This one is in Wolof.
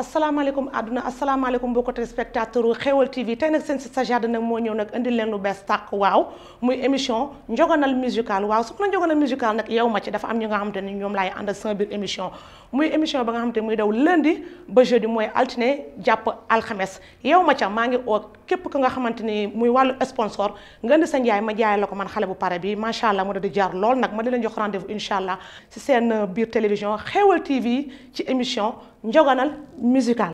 asalaamaaleykum àdduna asalaamaaleykum mbokki téléspectateur u Xeweul TV tey nag seen si Sajardi nag moo ñëw nag indi leen lu bees tàq waaw muy émission njogonal musical waaw soxna njogonal musical nag yow ma ci dafa am ñi nga xam te ni ñoom laay àndal sama émission muy émission ba nga xam te muy daw lundi ba jeudi mooy altine jàpp alxames yow ma ca maa ngi oo képp ku nga xamante ni muy wàllu sponsor nga indi sa njaay ma jaay ko man xale bu pare bi macha allah mu da di jaar lool nag ma di jox rendez-vous incha si seen biir télévision Xeweul TV ci émission njoganal musical